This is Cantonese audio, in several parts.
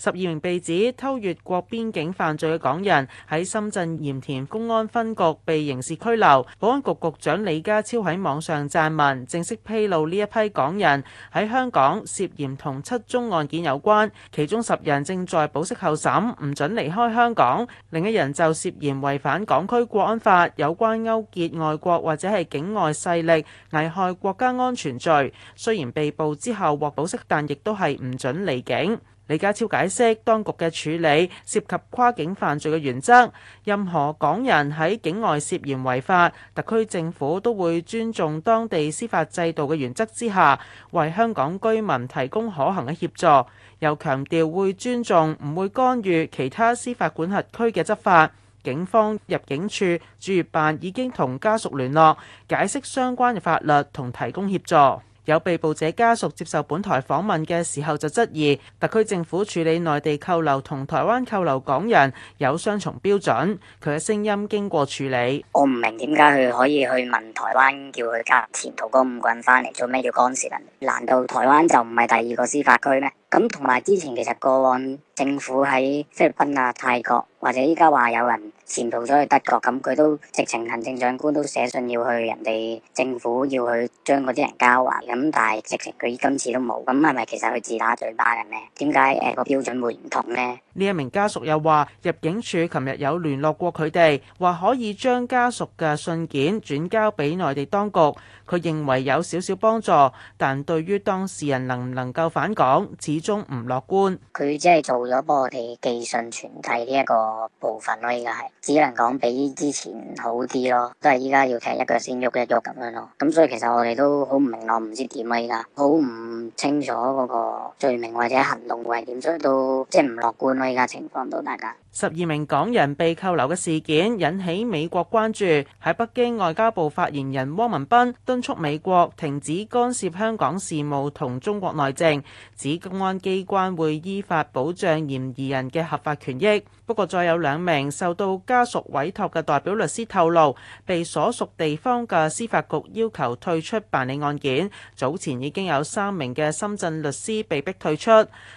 十二名被指偷越國邊境犯罪嘅港人喺深圳鹽田公安分局被刑事拘留。保安局局長李家超喺網上撰文正式披露呢一批港人喺香港涉嫌同七宗案件有關，其中十人正在保釋候審唔准離開香港；另一人就涉嫌違反港區國安法有關勾結外國或者係境外勢力危害國家安全罪。雖然被捕之後獲保釋，但亦都係唔准離境。李家超解釋，當局嘅處理涉及跨境犯罪嘅原則，任何港人喺境外涉嫌違法，特區政府都會尊重當地司法制度嘅原則之下，為香港居民提供可行嘅協助。又強調會尊重，唔會干預其他司法管轄區嘅執法。警方、入境處、駐粵辦已經同家屬聯絡，解釋相關嘅法律同提供協助。有被捕者家屬接受本台訪問嘅時候就質疑，特區政府處理內地扣留同台灣扣留港人有雙重標準。佢嘅聲音經過處理，我唔明點解佢可以去問台灣叫佢加前途五個人翻嚟做咩叫干涉人？難道台灣就唔係第二個司法區咩？咁同埋之前其實個案，政府喺菲律賓啊、泰國。或者依家話有人潛逃咗去德國，咁佢都直情行政長官都寫信要去人哋政府要去將嗰啲人交還，咁但係直情佢今次都冇，咁係咪其實佢自打嘴巴嘅咧？點解誒個標準會唔同咧？呢一名家屬又話，入境處琴日有聯絡過佢哋，話可以將家屬嘅信件轉交俾內地當局。佢認為有少少幫助，但對於當事人能唔能夠返港，始終唔樂觀。佢即係做咗幫我哋寄信傳遞呢一個個部分咯，依家係只能講比之前好啲咯，都係依家要踢一腳先喐一喐咁樣咯。咁所以其實我哋都好唔明朗，唔知點啊，依家好唔清楚嗰個罪名或者行動會係點，所以都即係唔樂觀咯，依家情況到大家。12名港人被扣留嘅事件引起美國關注。喺北京，外交部發言人汪文斌敦促美國停止干涉香港事務同中國內政，指公安機關會依法保障嫌疑人嘅合法權益。不過再有兩名受到家屬委託嘅代表律師透露，被所屬地方嘅司法局要求退出辦理案件，早前已經有三名嘅深圳律師被逼退出。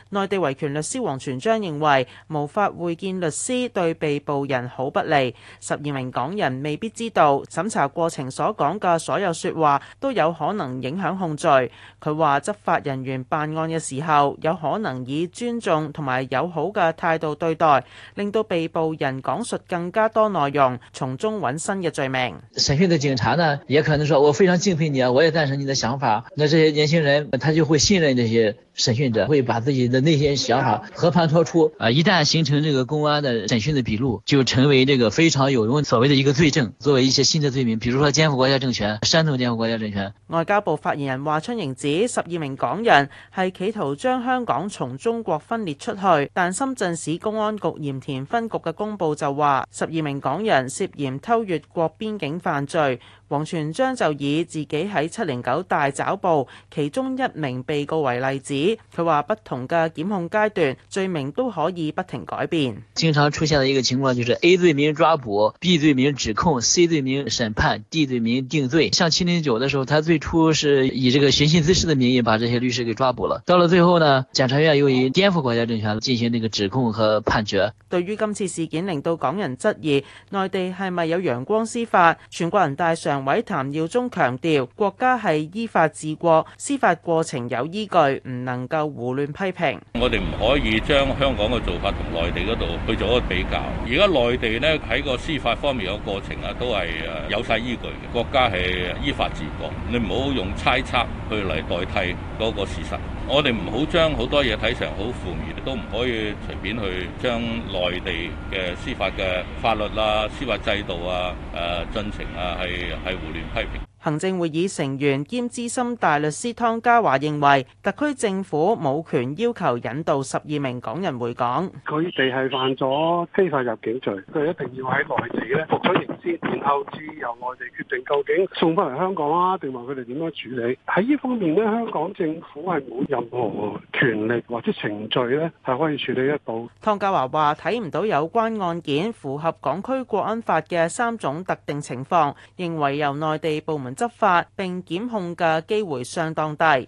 內地維權律師王全璋認為，無法會見律師對被捕人好不利。十二名港人未必知道審查過程，所講嘅所有説話都有可能影響控罪。佢話執法人員辦案嘅時候，有可能以尊重同埋友好嘅態度對待，令到被捕人講述更加多內容，從中揾新嘅罪名。審訊嘅警察呢，也可能說：我非常敬佩你啊，我也贊成你的想法。那這些年輕人，他就會信任這些審訊者，會把自己的內心想法和盤托出。啊，一旦形成呢個公安。的審訊嘅筆錄就成為這個非常有用所謂的一個罪證，作為一些新的罪名，比如說顛覆國家政權、煽動顛覆國家政權。外交部發言人華春瑩指，十二名港人係企圖將香港從中國分裂出去，但深圳市公安局鹽田分局嘅公布就話，十二名港人涉嫌偷越國邊境犯罪。王全璋就以自己喺七零九大抓捕其中一名被告為例子，佢話不同嘅檢控階段，罪名都可以不停改變。經常出現的一個情況就是 A 罪名抓捕，B 罪名指控，C 罪名審判，D 罪名定罪。像七零九的時候，他最初是以這個尋釁滋事的名義把這些律師給抓捕了，到了最後呢，檢察院又以顛覆國家政權進行這個指控和判決。對於今次事件令到港人質疑內地係咪有陽光司法？全國人大上常委譚耀宗強調，國家係依法治國，司法過程有依據，唔能夠胡亂批評。我哋唔可以將香港嘅做法同內地嗰度去做一個比較。而家內地呢喺個司法方面嘅過程啊，都係誒有晒依據嘅。國家係依法治國，你唔好用猜測去嚟代替嗰個事實。我哋唔好將好多嘢睇成好負面，都唔可以隨便去將內地嘅司法嘅法律啊、司法制度啊、誒、啊、進程啊係。胡亂批評。行政會議成員兼資深大律師湯家驊認為，特區政府冇權要求引渡十二名港人回港。佢哋係犯咗非法入境罪，佢一定要喺內地咧服咗刑先，然後至由內地決定究竟送翻嚟香港啊，定話佢哋點樣處理。喺呢方面咧，香港政府係冇任何權力或者程序咧，係可以處理得到。湯家驊話：睇唔到有關案件符合港區國安法嘅三種特定情況，認為由內地部門執法並檢控嘅機會相當大。